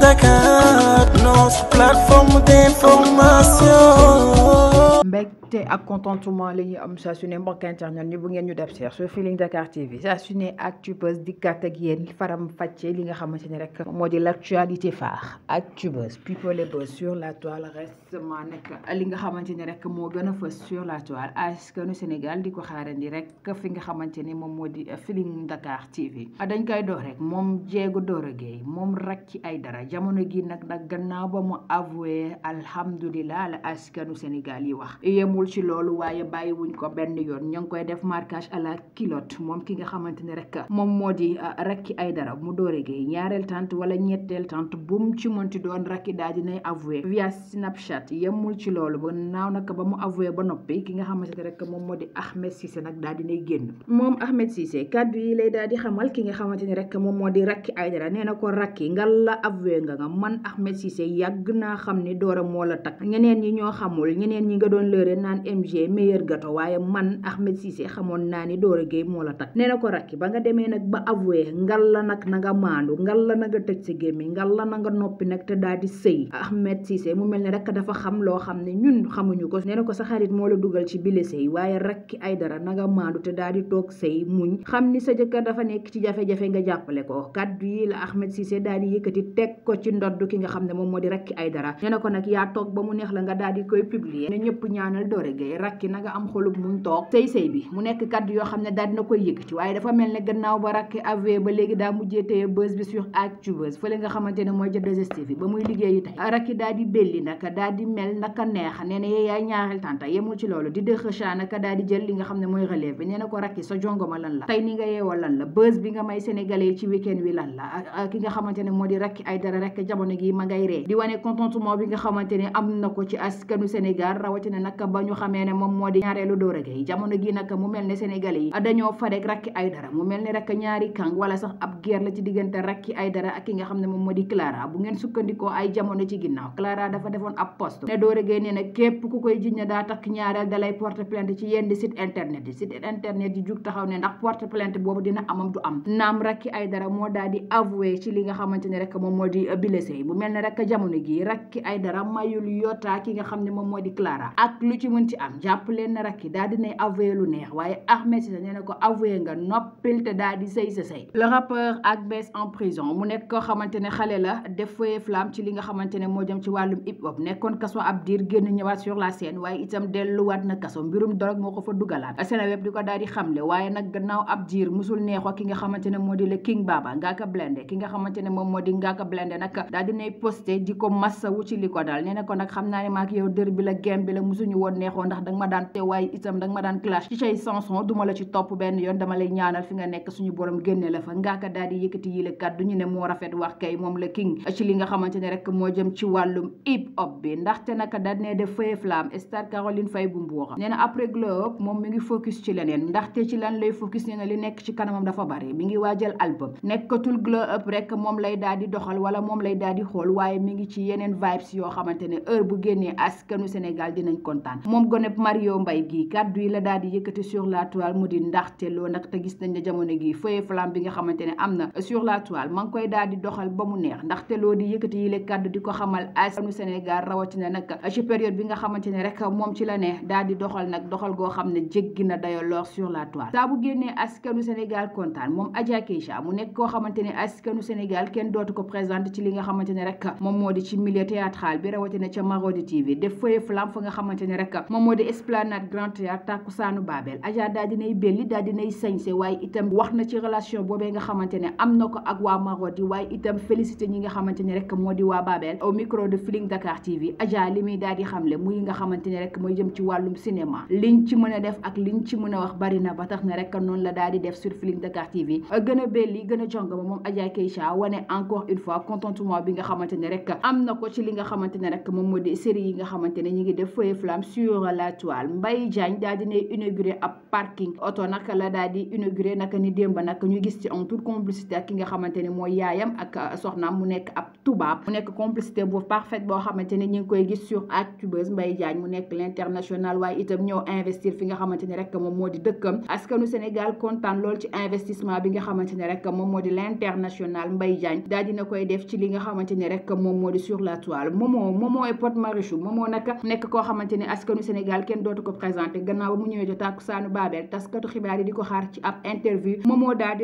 Dakar notre plateforme d'information. mbégte ak contentement la ñuy am saa su ne mbokk internet ñu bu ngeen ñu def seer sur Feeling Dakar TV saa su ne actu buzz dikkaat faram fàccee li nga xamante ne rek moo di l' actualité phare actu buzz people la toile restement nag li nga xamante ne rek moo gën a fës sur la toile askanu Sénégal di ko xaarandi rek fi nga xamante ne moom moo di Feeling Dakar TV dañ koy door rek moom jéego door moom rek ci ay dara. jamono gi nag nag gannaaw ba mu avoué alhamdulilah la askanu Sénégal yi wax yemul ci loolu waaye bàyyi wuñ ko benn yoon ña ngi koy def marquage à la culotte moom ki nga xamante ne rek moom moo di ah, rakki ay dara mu doore gi ñaareel tante wala ñetteel tante bu mu ci mënti doon rakki daal dinay avoué via Snapchat yemul ci loolu ba naaw nag ba mu avoué ba noppi ki nga xamante ne rek moom moo di Ahmed Cissé nag daal dinay génn moom kaddu yi lay daal di xamal ki nga xamante ne rek moom moo di rakki ay dara nee ko rakki ngal la avoué jooy nga nga man Ahmed xam ni Dora moo la takk ñeneen ñi ñoo xamul ñeneen ñi nga doon lëre naan MG meilleur gâteau waaye man Ahmed Cissé xamoon naa ni Dora Gueye moo la takk nee na ko rakki ba nga demee nag ba avoué ngal la nag na nga maandu ngal la na nga tëj sa gémmi nga la na noppi nag te daal di sëy Ahmed Cissé mu mel ni rek dafa xam loo xam ne ñun xamuñu ko nee na ko sa xarit moo la dugal ci bile sëy waaye rakki ay dara na nga maandu te daal di toog sëy muñ xam ni sa jëkkër dafa nekk ci jafe-jafe nga jàppale ko kàddu yi la Ahmed Cissé daal yëkkati teg ko ci ndodd ki nga xam ne moom moo di Racky Aïdara nee na ko nag yaa toog ba mu neex la nga daal koy publier ne ñëpp ñaanal Doro Gueye Racky na mooy di belli naka daal mooy relève bi nee na ko Racky sa jongoma lan la tey ni nga yeewoo lan la buzz bi nga may sénégalais ci week wi lan la ki nga xamante moo di Racky Aïdara Ouattara rek jamono gi ma ngay ree di wane contentement bi nga xamante ne am na ko ci askanu Sénégal rawatina nag ba ñu xamee ne moom moo di Clara bu ngeen sukkandikoo ay jamono ci ginnaaw Clara dafa defoon ab post ne na képp ku koy jiñ ne daa takk ñaareel dalay porte plainte ci yenn site internet yi site internet yi jug taxaw ne ndax porte plainte boobu dina amam du am naam Racky Aïdara moo daal di avoué ci li nga xamante ne rek moom moo blessé yi bu mel ne a jamono gi rakki ay dara mayul yotaa ki nga xam ne moom moo di Clara ak lu ci mën ci am jàpp leen ne rakki daa dinay avoué lu neex waaye Ahmed Cissé nee ko avoué nga noppil xale la def feuille flamme ci li di ko daal di xamle waaye nag gannaaw ab diir musul neexoo ki nga xamante moo di le King Baba Ngaaka Blindé ki nga xamante moom moo di Ngaaka Blindé Gueye nag daal dinay posté di ko massawu ci li ko daal nee na ko nag xam naa ne maak yow dër bi la gem bi la musuñu woon neexoo ndax danga ma daan te waaye itam danga la la fa moo rafet wax kay moom la king ci li nga xamante ne rek moo jëm ci wàllum hip hop bi ndaxte naka daal ne def feuille flamme star Caroline Faye bu Mbour nee na après glow moom mi ngi focus ci leneen ndaxte ci lan lay focus nee na li nekk ci kanamam dafa bari mi ngi waajal album nekkatul glow moom lay daal di xool waaye mi ngi ci yeneen vibes yoo xamante ne heure bu génnee askanu Sénégal dinañ kontaan moom gone Mario Mbaye gi kàddu yi la daal di yëkkati sur la toile mu di ndaxte loo nag gis nañ ne jamono gi feuille flamme bi nga xamante ne am na sur ma ngi koy daal di doxal ba mu neex ndaxte loo di yëkkati yi la kàddu di ko xamal askanu Sénégal rawatina nag ci période bi nga xamante ne rek moom ci la ne daal di doxal nag doxal goo xam ne jéggi na dayo loor sur la toile saa bu génnee askanu Sénégal kontaan moom Adja Keïcha mu nekk koo xamante ne askanu Sénégal kenn dootu ko présent sant ci li nga xamante ne rek moom moo di ci milieu théâtral bi rawatina ca Marodi TV def feuille flamme fa nga xamante rek moom moo di esplanade grand théâtre tàkkusaanu Babel Adja daa dinay belli daa dinay sañse waaye itam wax na ci relation boobee nga xamante ne am na ko ak waa Marodi waaye itam félicité ñi nga xamante rek moo di waa Babel au micro de Feeling Dakar TV Adja li muy daal di xamle muy nga xamante rek mooy jëm ci wàllum cinéma liñ ci a def ak a ba tax na la daal di def sur Feeling Dakar TV gën a a mécontentement bi nga xamante ne rek am na ko ci li nga xamante ne rek moom moo di série yi nga xamante ne ñu ngi def feu flamme sur la toile Mbaye Diagne daal oto nag la daal di inauguré nag ni démb nag ñu gis ci en toute complicité ki nga xamante ne mooy yaayam ak euh, soxnaam mu nekk ab tubaab mu nekk complicité bu parfaite boo xamante ne ñu ngi koy gis sur Actubuzz Mbaye Diagne mu nekk l'international waaye itam ñëw investir fi nga xamante ne rek moom moo di dëkkam askanu Sénégal kontaan lool ci investissement bi nga xamante ne rek moom moo di l'international Mbaye Diagne daal dina koy def ci li nga xamante ni rek moom moo di sur la toile Momo Momo et Pod Marichou Momo nag nekk koo xamante ni askanu Sénégal kenn dootu ko présenté gannaaw ba mu ñëwee jotaak saanu Babel taskatu xibaar yi di ko xaar ci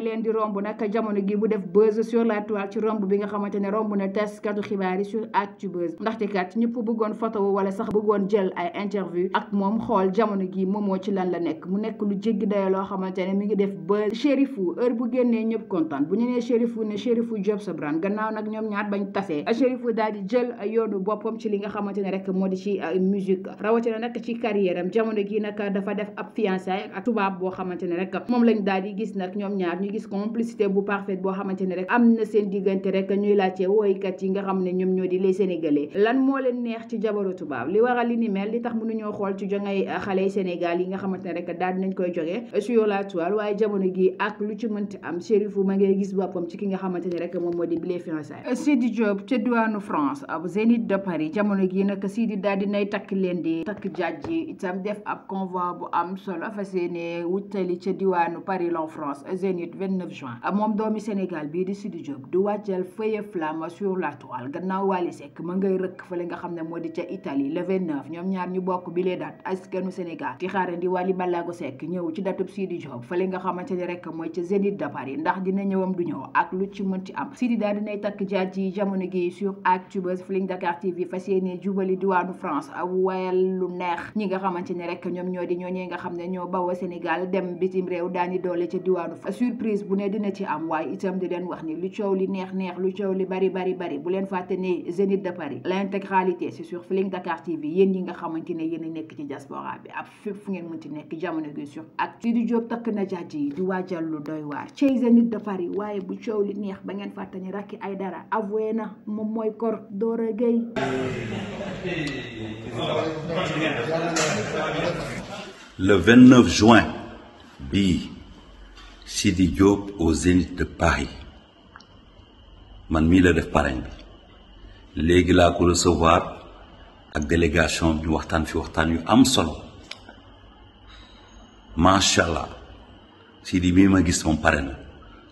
leen di romb nag jamono gi bu def buzz la toile ci romb bi nga xamante ne romb na taskatu xibaar yi sur Actubuzz ndaxte bëggoon photo wala sax bëggoon jël ay interview ak moom xool jamono gi Momo ci lan la nekk mu nekk lu jéggi dayo loo xamante ne mi ngi def buzz Chérifou heure bu génnee ñëpp kontaan bu ñu nee Chérifou ne Chérifou Job Sabran gannaaw nag ñoom ñaar bañ tasee a Cherifou daal di jël yoonu boppam ci li nga xamante ne rek moo di ci euh, musique rawatina nag ci carrière jamono gi nag dafa def ab fiançailles ak boo xamante ne rek moom lañ daal di gis nag ñoom ñaar ñu gis complicité bu parfaite boo xamante ne rek am na seen diggante rek ñuy laajte woykat yi nga xam ne ñoom ñoo di les sénégalais lan moo leen neex ci jabaru tubaab li waral li ni mel li tax mënuñoo xool ci jongay euh, xale yi Sénégal yi nga xamante ne rek daal dinañ koy jógee euh, sur la toile waaye jamono gi ak lu ci mënti am Cherifou ma ngay gis boppam ci ki nga xamante ne rek moom moo di bile Eh, Sidi Diop ca diwaanu France ab Zénith de Paris jamono gi nag Sidi daal di nay takk leen di takk jaaj yi itam def ab convoi bu am solo fas yéene wutali ca diwaanu Paris lan France Zénith 29 juin eh, moom doomi Sénégal bii di Sidi Diop du wàccal feuille flamme sur la toile gannaaw Wally Seck ma ngay rëkk fële nga xam ne moo di ca Italie le 29 ñoom ñaar ñu bokk bi lee date askanu Sénégal di xaarandi Wally Ballago Seck ñëw ci datub Sidi Diop fële nga xamante ni rek mooy ca Zénith de Paris ndax dina ñëwam du ñëw ak lu ci mënti am Sidi daal di nay takk Dia ci jamono gi sur Actubuzz Feeling Dakar TV fas yéene jubali diwaanu France wayal lu neex ñi nga xamante ne rek ñoom ñoo di ñooñee nga xam ne ñoo bawoo Sénégal dem bitim réew daani doole ca diwaanu surprise bu ne dina ci am waaye itam di leen wax ni lu coow li neex neex lu coow li bari bari bu leen fàtte ne de Paris l'intégralité c'est sur Feeling Dakar TV yéen ñi nga xamante ne a nekk ci diaspora bi ab fépp fu ngeen mënti nekk jamono gi sur ak Sidi Diop ngeen fàtte ni Racky Aïdara avoué na moom mooy kor Dora Gueye le 29 juin bii Sidi Diop au Zénith de Paris man mii la def parrain bi léegi laa ko recevoir ak délégation bi waxtaan fi waxtaan yu am solo macha allah Sidi bii ma gis moom pare na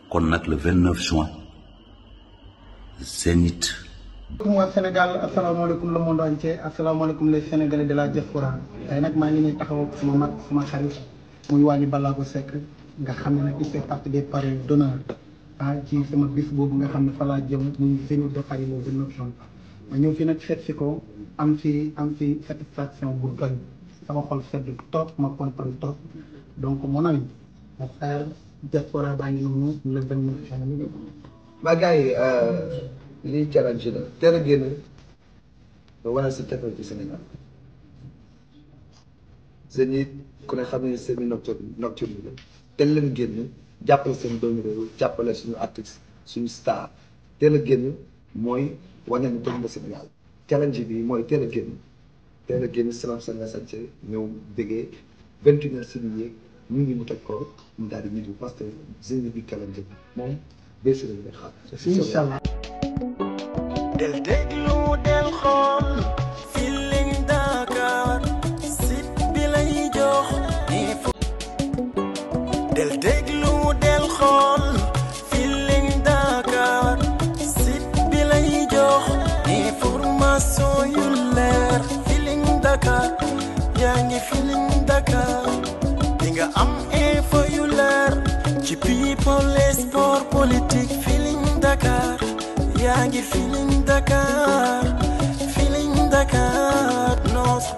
kon nag le 29 juin Zénith. maaleykum waa Sénégal asalaamaaleykum le monde entier asalaamaaleykum les Sénégalais de la diaspora nag maa ngi nii taxaw ak sama mag sama xarit muy Waly Ballago Seck nga xam ne nag il fait partie des parrains d'honneur ah, ci sama bis boobu nga xam ne falaa laa jëm muy Zénith de Paris moo gën a ma ñëw fii nag seet si ko am fi am fi satisfaction bu doy sama xol sedd toog ma kontaan toog donc mon ami mon frère diaspora baa ngi noonu le vingt maa gars yi euh, lii challenge la teel a génn wala si tefe ci Sénégal seen ku ne xam ne semi nocturne nocturne la teel leen génn jàppale seen doomi réew jàppale suñu artiste suñu star teel a génn mooy wane ni doom ba Sénégal challenge bi mooy teel a génn teel a génn salam sanga sànce ñëw déggee vingt et une heures si ñu ngi mu toj ko mu daal di ñibbi parce que génn bi challenge bi moom bés lañ lay xaar. incha allah. del déglu del xool Feeling Dakar site bi jox info. del déglu yu leer Feeling Dakar yaa ngi Feeling Dakar di nga am info yu leer. ci people et sport politique Feeling Dakar yaa ngi Feeling Dakar Feeling Dakar nos